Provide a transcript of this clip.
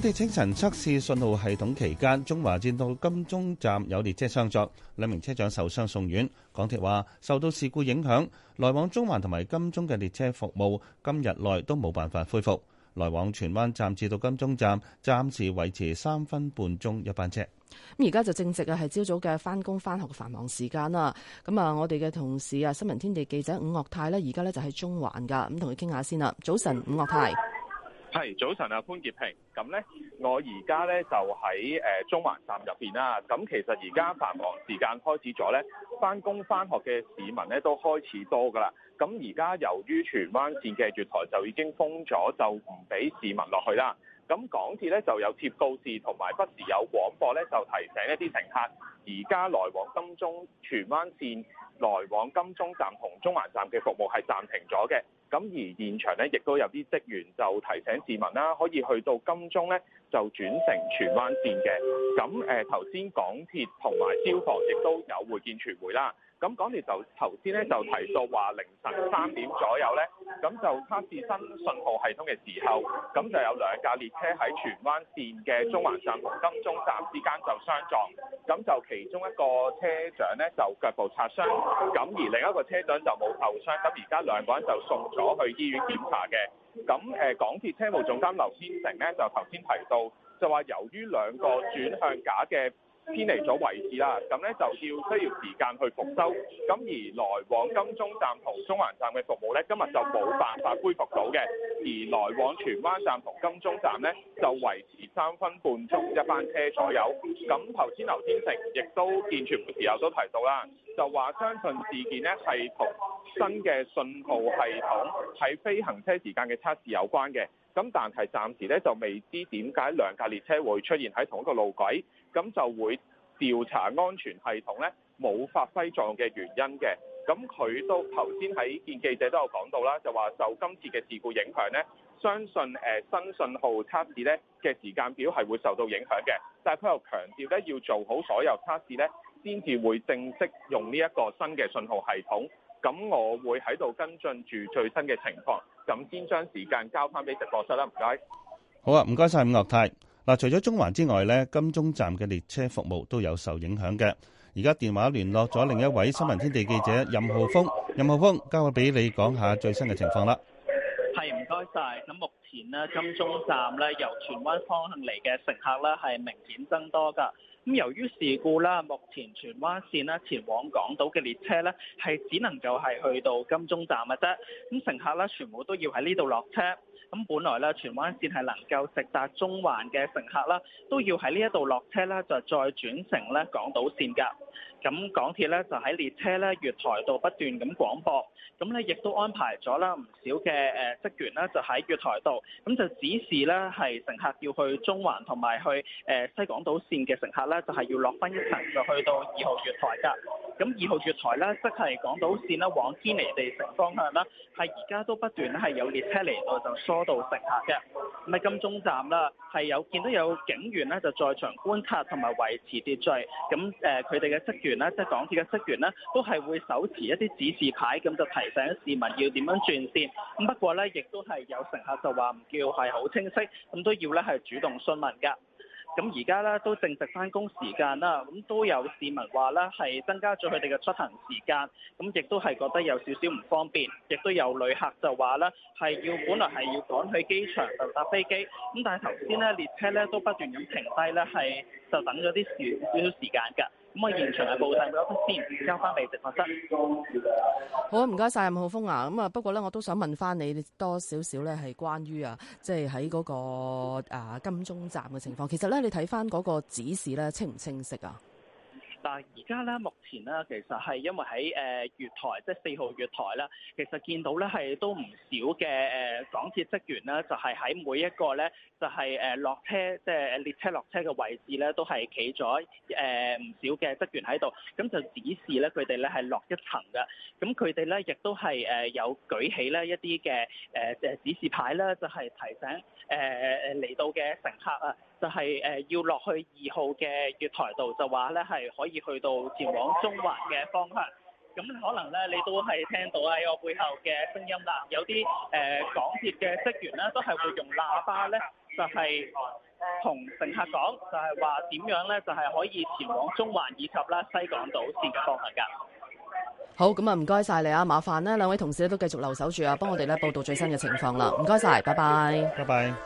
港鐵清晨測試信號系統期間，中環站到金鐘站有列車相撞，兩名車長受傷送院。港鐵話受到事故影響，來往中環同埋金鐘嘅列車服務今日內都冇辦法恢復。來往荃灣站至到金鐘站暫時維持三分半鐘一班車。咁而家就正值啊係朝早嘅返工返學繁忙時間啦。咁啊，我哋嘅同事啊，新聞天地記者伍岳泰呢，而家呢就喺中環噶，咁同佢傾下先啦。早晨，伍岳泰。係，早晨啊潘潔平，咁咧我而家咧就喺誒、呃、中環站入邊啦。咁其實而家繁忙時間開始咗咧，返工返學嘅市民咧都開始多噶啦。咁而家由於荃灣線嘅月台就已經封咗，就唔俾市民落去啦。咁港鐵咧就有貼告示，同埋不時有廣播咧就提醒一啲乘客，而家來往金鐘荃灣線來往金鐘站同中環站嘅服務係暫停咗嘅。咁而現場咧亦都有啲職員就提醒市民啦，可以去到金鐘咧就轉乘荃灣線嘅。咁誒頭先港鐵同埋消防亦都有會見傳媒啦。咁港鐵就頭先咧就提到話凌晨三點左右咧，咁就測試新信號系統嘅時候，咁就有兩架列車喺荃灣線嘅中環站同金鐘站之間就相撞，咁就其中一個車長咧就腳部擦傷，咁而另一個車長就冇受傷，咁而家兩個人就送咗去醫院檢查嘅。咁誒、呃，港鐵車務總監劉天成咧就頭先提到，就話由於兩個轉向架嘅。偏離咗位置啦，咁咧就要需要時間去復修，咁而來往金鐘站同中環站嘅服務咧，今日就冇辦法恢復到嘅。而來往荃灣站同金鐘站呢，就維持三分半鐘一班車左右。咁頭先劉天成亦都見傳媒時候都提到啦，就話相信事件呢係同新嘅信號系統喺飛行車時間嘅測試有關嘅。咁但係暫時呢，就未知點解兩架列車會出現喺同一個路軌，咁就會調查安全系統呢冇發揮作用嘅原因嘅。咁佢都頭先喺見記者都有講到啦，就話受今次嘅事故影響呢，相信誒新信號測試呢嘅時間表係會受到影響嘅。但係佢又強調咧，要做好所有測試呢，先至會正式用呢一個新嘅信號系統。咁我會喺度跟進住最新嘅情況，咁先將時間交翻俾直播室啦。唔該。好啊，唔該晒。伍岳泰。嗱，除咗中環之外呢，金鐘站嘅列車服務都有受影響嘅。而家電話聯絡咗另一位新聞天地記者任浩鋒。任浩鋒，交俾你講下最新嘅情況啦。係，唔該晒。咁目前呢，金鐘站咧由荃灣方向嚟嘅乘客咧係明顯增多噶。咁由於事故啦，目前荃灣線啦前往港島嘅列車呢係只能夠係去到金鐘站嘅啫。咁乘客咧全部都要喺呢度落車。咁本來咧荃灣線係能夠直達中環嘅乘客啦，都要喺呢一度落車啦，就再轉乘咧港島線㗎。咁港鐵呢就喺列車咧月台度不斷咁廣播。咁呢亦都安排咗啦唔少嘅誒職員咧就喺月台度，咁就指示咧係乘客要去中環同埋去誒西港島線嘅乘客啦。就係要落翻一層，就去到二號月台㗎。咁二號月台呢，即係港島線咧往堅尼地城方向啦，係而家都不斷咧係有列車嚟到，就疏導乘客嘅。唔係金鐘站啦，係有見到有警員呢就在場觀察同埋維持秩序。咁誒，佢哋嘅職員呢，即係港鐵嘅職員呢，都係會手持一啲指示牌，咁就提醒市民要點樣轉線。咁不過呢，亦都係有乘客就話唔叫係好清晰，咁都要咧係主動詢問㗎。咁而家咧都正值返工時間啦，咁都有市民話咧係增加咗佢哋嘅出行時間，咁亦都係覺得有少少唔方便，亦都有旅客就話咧係要本來係要趕去機場就搭飛機，咁但係頭先咧列車咧都不斷咁停低咧係就等咗啲少少時間噶。可唔可以現場嘅報道？嗰筆先交翻俾直播室。好啊，唔該晒。任浩鋒啊。咁啊，不過咧，我都想問翻你多少少咧，係關於啊，即係喺嗰個啊金鐘站嘅情況。其實咧，你睇翻嗰個指示咧，清唔清晰啊？但，而家咧，目前咧，其實係因為喺誒、呃、月台，即係四號月台啦，其實見到咧係都唔少嘅誒港鐵職員啦，就係、是、喺每一個咧，就係誒落車，即、就、係、是、列車落車嘅位置咧，都係企咗誒唔少嘅職員喺度，咁就指示咧佢哋咧係落一層㗎，咁佢哋咧亦都係誒有舉起咧一啲嘅誒誒指示牌咧，就係、是、提醒誒嚟、呃、到嘅乘客啊。就係誒要落去二號嘅月台度，就話咧係可以去到前往中環嘅方向。咁可能咧你都係聽到喺我背後嘅聲音啦，有啲誒、呃、港鐵嘅職員咧都係會用喇叭咧，就係、是、同乘客講，就係話點樣咧就係、是、可以前往中環以及咧西港島線嘅方向㗎。好，咁啊唔該晒你啊，麻煩呢，兩位同事都繼續留守住啊，幫我哋咧報道最新嘅情況啦。唔該晒，拜拜。拜拜。